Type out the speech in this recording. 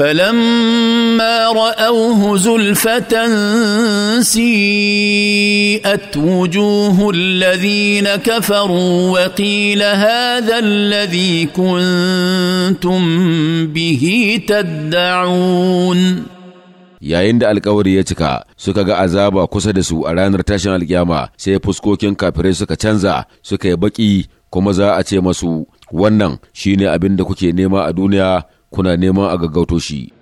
فلما راوه زلفه سيئت وجوه الذين كفروا وقيل هذا الذي كنتم به تدعون yayin da alkawari ya cika suka ga azaba kusa da su a ranar tashin alkyama sai fuskokin kafirai suka canza suka yi baki kuma za a ce masu wannan shine abin da kuke nema a duniya kuna neman a gaggauto shi.